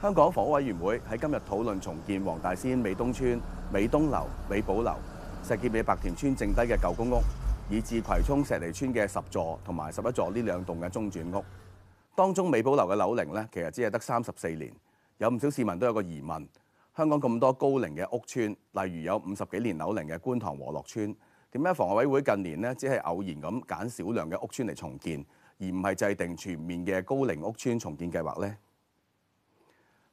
香港房屋委員會喺今日討論重建黃大仙美東村、美東樓、美寶樓、石硤尾白田村剩低嘅舊公屋，以至葵涌石梨村嘅十座同埋十一座呢兩棟嘅中轉屋。當中美寶樓嘅樓齡呢，其實只係得三十四年。有唔少市民都有個疑問：香港咁多高齡嘅屋村，例如有五十幾年樓齡嘅觀塘和樂村，點解房屋委員會近年呢，只係偶然咁揀少量嘅屋村嚟重建，而唔係制定全面嘅高齡屋村重建計劃呢？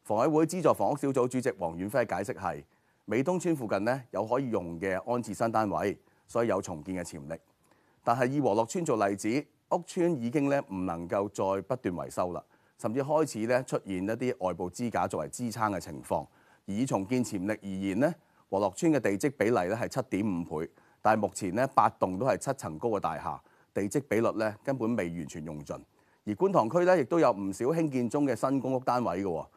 房委會資助房屋小組主席黃遠輝的解釋係：美東村附近咧有可以用嘅安置新單位，所以有重建嘅潛力。但係以和樂村做例子，屋村已經咧唔能夠再不斷維修啦，甚至開始咧出現一啲外部支架作為支撐嘅情況。而以重建潛力而言咧，和樂村嘅地積比例咧係七點五倍，但係目前八棟都係七層高嘅大廈，地積比率咧根本未完全用盡。而觀塘區咧亦都有唔少興建中嘅新公屋單位嘅。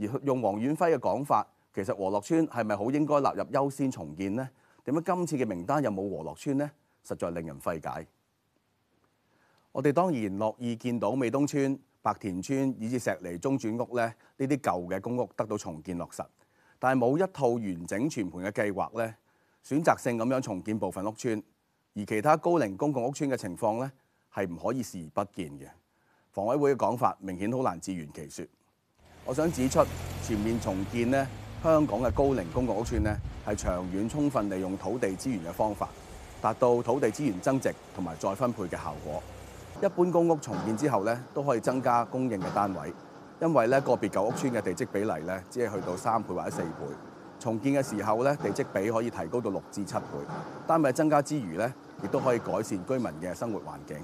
而用黃遠輝嘅講法，其實和樂村係咪好應該納入優先重建呢？點解今次嘅名單有冇和樂村呢？實在令人費解。我哋當然樂意見到美東村、白田村以至石梨中轉屋呢，呢啲舊嘅公屋得到重建落實。但係冇一套完整全盤嘅計劃呢，選擇性咁樣重建部分屋邨，而其他高齡公共屋邨嘅情況呢，係唔可以視而不見嘅。房委會嘅講法明顯好難自圓其說。我想指出，全面重建呢香港嘅高齡公共屋邨呢，係長遠充分利用土地資源嘅方法，達到土地資源增值同埋再分配嘅效果。一般公屋重建之後呢，都可以增加供應嘅單位，因為呢個別舊屋邨嘅地積比例呢，只係去到三倍或者四倍，重建嘅時候呢，地積比可以提高到六至七倍，單位增加之餘呢，亦都可以改善居民嘅生活環境。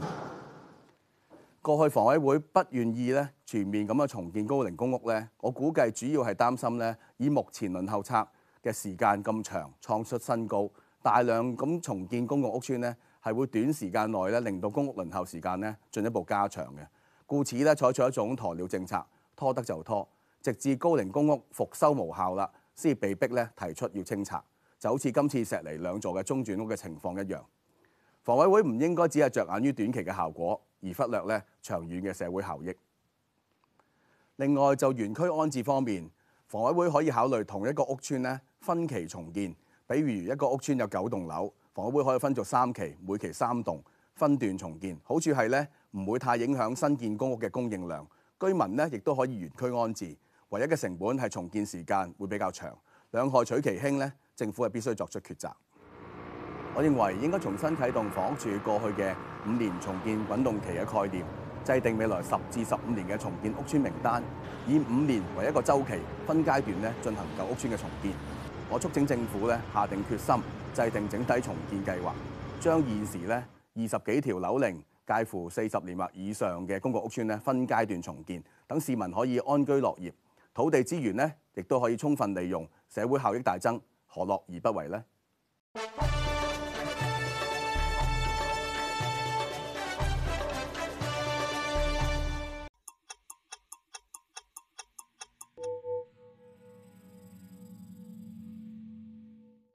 過去房委會不願意咧全面咁樣重建高齡公屋咧，我估計主要係擔心咧，以目前輪候冊嘅時間咁長，創出新高，大量咁重建公共屋邨咧，係會短時間內咧令到公屋輪候時間咧進一步加長嘅。故此咧採取一種鴕鳥政策，拖得就拖，直至高齡公屋復修無效啦，先被逼咧提出要清拆，就好似今次石籬兩座嘅中轉屋嘅情況一樣。房委會唔應該只係着眼於短期嘅效果。而忽略咧長遠嘅社會效益。另外就原區安置方面，房委會可以考慮同一個屋邨咧分期重建，比如一個屋邨有九棟樓，房委會可以分做三期，每期三棟，分段重建。好處係咧唔會太影響新建公屋嘅供應量，居民咧亦都可以原區安置。唯一嘅成本係重建時間會比較長，兩害取其輕咧，政府係必須作出抉擇。我認為應該重新啟動房屋處過去嘅五年重建滾動期嘅概念，制定未來十至十五年嘅重建屋村名單，以五年為一個週期，分階段呢進行舊屋村嘅重建。我促請政府下定決心，制定整體重建計劃，將現時二十幾條樓齡介乎四十年或以上嘅公共屋村分階段重建，等市民可以安居樂業，土地資源呢亦都可以充分利用，社會效益大增，何樂而不為呢？